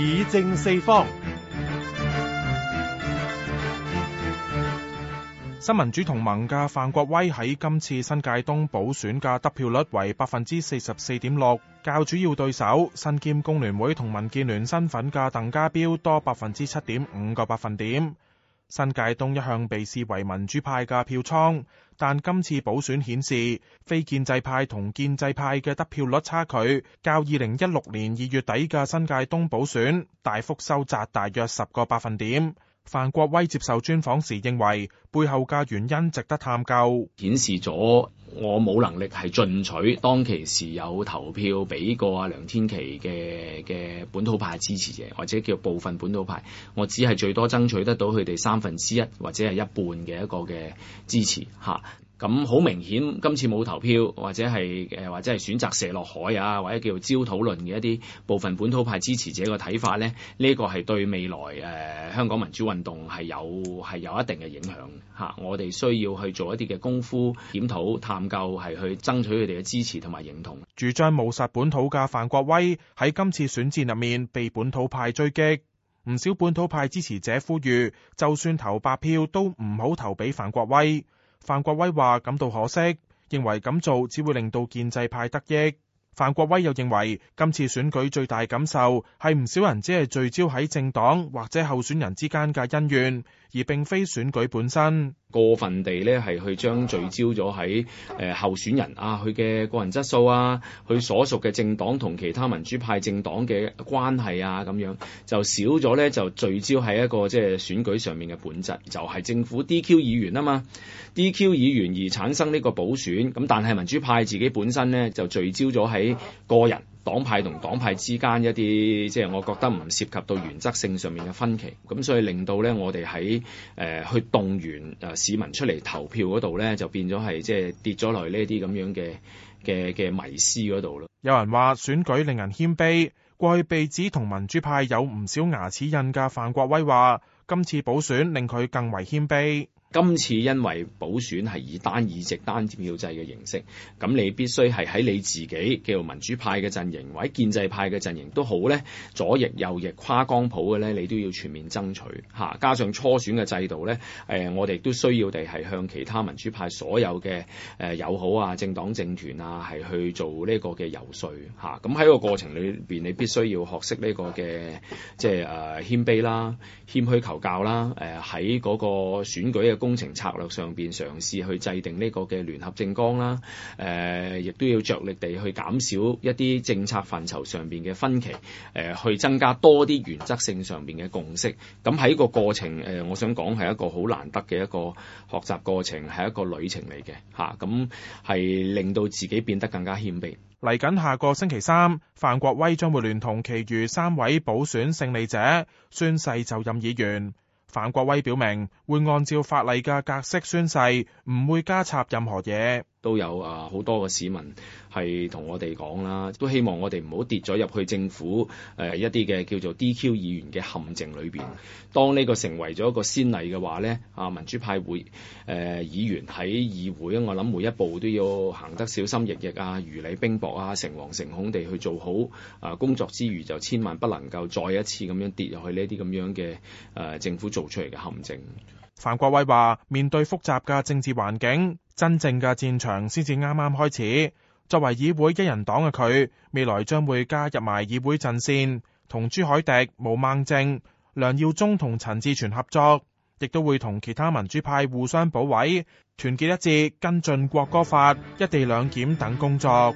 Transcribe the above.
議政四方。新民主同盟嘅范國威喺今次新界東補選嘅得票率為百分之四十四點六，較主要對手新兼工聯會同民建聯身份嘅鄧家彪多百分之七點五個百分點。新界東一向被視為民主派嘅票倉，但今次補選顯示，非建制派同建制派嘅得票率差距，較二零一六年二月底嘅新界東補選大幅收窄，大約十個百分點。范國威接受專訪時認為，背後嘅原因值得探究，顯示咗。我冇能力係進取，當其時有投票俾過啊梁天琦嘅嘅本土派支持者，或者叫部分本土派，我只係最多爭取得到佢哋三分之一或者係一半嘅一個嘅支持吓。咁好明顯，今次冇投票，或者係或者係選擇射落海啊，或者叫做招討論嘅一啲部分本土派支持者嘅睇法呢。呢、呢個係對未來誒、呃、香港民主運動係有係有一定嘅影響、啊、我哋需要去做一啲嘅功夫檢討、探究，係去爭取佢哋嘅支持同埋認同。主張務實本土嘅范國威喺今次選戰入面被本土派追擊，唔少本土派支持者呼籲，就算投白票都唔好投俾范國威。范國威話感到可惜，認為咁做只會令到建制派得益。范國威又認為，今次選舉最大感受係唔少人只係聚焦喺政黨或者候選人之間嘅恩怨，而並非選舉本身。過分地咧係去將聚焦咗喺誒候選人啊，佢嘅個人質素啊，佢所屬嘅政黨同其他民主派政黨嘅關係啊，咁樣就少咗咧就聚焦喺一個即係、就是、選舉上面嘅本質，就係、是、政府 DQ 議員啊嘛，DQ 議員而產生呢個補選，咁但係民主派自己本身咧就聚焦咗喺個人。黨派同黨派之間一啲，即係我覺得唔涉及到原則性上面嘅分歧，咁所以令到咧，我哋喺誒去動員市民出嚟投票嗰度咧，就變咗係即係跌咗落呢啲咁樣嘅嘅嘅迷思嗰度咯。有人話選舉令人謙卑，過去被指同民主派有唔少牙齒印嘅范國威話，今次補選令佢更為謙卑。今次因為補選係以單議席單票制嘅形式，咁你必須係喺你自己叫做民主派嘅陣營，或者建制派嘅陣營都好咧，左翼右翼跨江普嘅咧，你都要全面爭取嚇。加上初選嘅制度咧、呃，我哋都需要地係向其他民主派所有嘅、呃、友好啊、政黨政團啊，係去做呢個嘅遊説嚇。咁、啊、喺個過程裏面，你必須要學識呢個嘅即係謙卑啦、謙虛求教啦。誒喺嗰個選舉嘅工程策略上邊嘗試去制定呢個嘅聯合政綱啦，誒、呃，亦都要着力地去減少一啲政策範疇上邊嘅分歧，誒、呃，去增加多啲原則性上邊嘅共識。咁喺個過程，誒、呃，我想講係一個好難得嘅一個學習過程，係一個旅程嚟嘅，吓、啊，咁係令到自己變得更加謙卑。嚟緊下個星期三，范國威將會聯同其餘三位補選勝利者宣誓就任議員。范國威表明會按照法例嘅格式宣誓，唔會加插任何嘢。都有啊，好多嘅市民係同我哋講啦，都希望我哋唔好跌咗入去政府誒一啲嘅叫做 DQ 議員嘅陷阱裏面。當呢個成為咗一個先例嘅話呢，啊民主派會誒議員喺議會，我諗每一步都要行得小心翼翼啊，如履冰薄啊，誠惶誠恐地去做好啊工作之餘，就千萬不能夠再一次咁樣跌入去呢啲咁樣嘅誒政府做出嚟嘅陷阱。范國威話：面對複雜嘅政治環境，真正嘅戰場先至啱啱開始。作為議會一人黨嘅佢，未來將會加入埋議會陣線，同朱凱迪、毛孟靜、梁耀忠同陳志全合作，亦都會同其他民主派互相補位，團結一致，跟進國歌法、一地兩檢等工作。